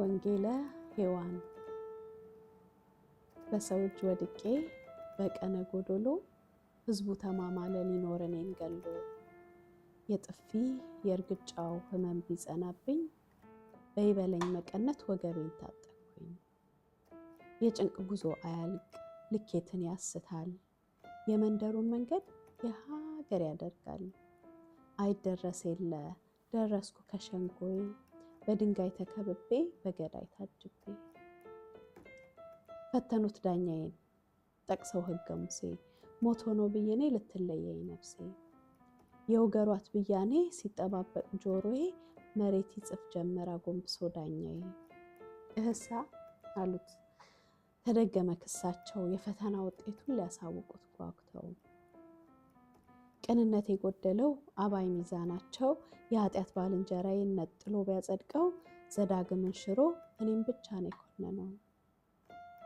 ወንጌለ ሔዋን በሰው እጅ ወድቄ በቀነ ጎዶሎ ሕዝቡ ተማማለ ሊኖር እኔን ገሎ የጥፊ የእርግጫው ሕመም ቢጸናብኝ በይበለኝ መቀነት ወገቤን ታጠቅኩኝ። የጭንቅ ጉዞ አያልቅ ልኬትን ያስታል የመንደሩን መንገድ የሀገር ያደርጋል አይደረስ የለ ደረስኩ ከሸንጎዬ በድንጋይ ተከብቤ በገዳይ ታጅቤ ፈተኑት ዳኛዬን ጠቅሰው ሕገ ሙሴ ሞት ሆኖ ብዬኔ ልትለየኝ ነፍሴ የውገሯት ብያኔ ሲጠባበቅ ጆሮዬ መሬት ይጽፍ ጀመር አጎንብሶ ዳኛዬ። እህሳ አሉት ተደገመ ክሳቸው የፈተና ውጤቱን ሊያሳውቁት ጓጉተው ቅንነት የጎደለው አባይ ሚዛናቸው የኃጢአት ባልንጀራዬን ነጥሎ ቢያጸድቀው ዘዳግምን ሽሮ እኔም ብቻ ነው የኮነነው።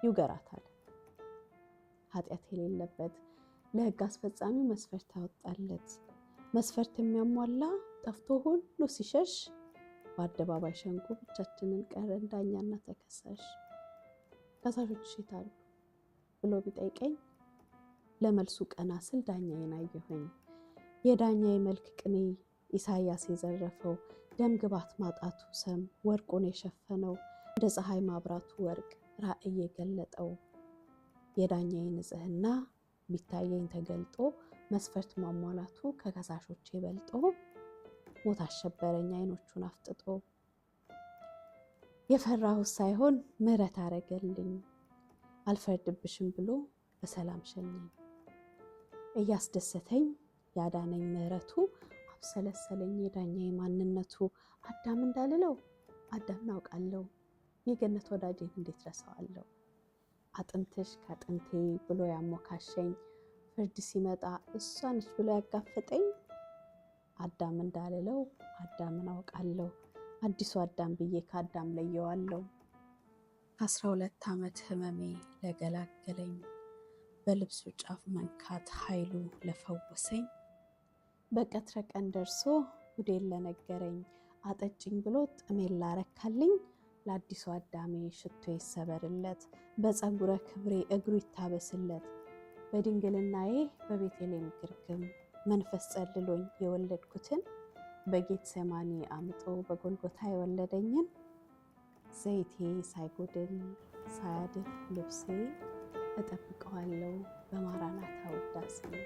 ይውገራታል። ኃጢአት የሌለበት ለሕግ አስፈጻሚው መስፈርት ያወጣለት መስፈርት የሚያሟላ ጠፍቶ ሁሉ ሲሸሽ በአደባባይ ሸንጎ ብቻችንን ቀረን ዳኛና ተከሳሽ። ከሳሾች የታሉ ብሎ ቢጠይቀኝ ለመልሱ ቀና ስል ዳኛዬን አየሁኝ። የዳኛ የመልክ ቅኔ ኢሳያስ የዘረፈው ደም ግባት ማጣቱ ሰም ወርቁን የሸፈነው እንደ ፀሐይ ማብራቱ ወርቅ ራዕይ የገለጠው የዳኛዬ ንጽህና ቢታየኝ ተገልጦ መስፈርት ማሟላቱ ከከሳሾች የበልጦ ሞት አሸበረኝ አይኖቹን አፍጥጦ የፈራሁት ሳይሆን ምረት አረገልኝ አልፈርድብሽም ብሎ በሰላም ሸኘኝ እያስደሰተኝ ያዳነኝ ምሕረቱ አብሰለሰለኝ የዳኛ ማንነቱ። አዳም እንዳልለው አዳም ናውቃለው የገነት ወዳጄን እንዴት ረሳዋለሁ። አጥንትሽ ከአጥንቴ ብሎ ያሞካሸኝ ፍርድ ሲመጣ እሷ ነች ብሎ ያጋፈጠኝ። አዳም እንዳልለው አዳም አውቃለሁ አዲሱ አዳም ብዬ ከአዳም ለየዋለሁ። ከአስራ ሁለት ዓመት ህመሜ ለገላገለኝ በልብሱ ጫፍ መንካት ኃይሉ ለፈወሰኝ በቀትረ ቀን ደርሶ ጉዴን ለነገረኝ አጠጭኝ ብሎ ጥሜን ላረካልኝ ለአዲሱ አዳሜ ሽቶ ይሰበርለት በፀጉረ ክብሬ እግሩ ይታበስለት በድንግልናዬ በቤተልሔም ግርግም መንፈስ ጸልሎኝ የወለድኩትን በጌት ሰማኒ አምጦ በጎልጎታ የወለደኝን ዘይቴ ሳይጎድል ሳያድግ ልብሴ እጠብቀዋለሁ በማራናታ ውዳሴ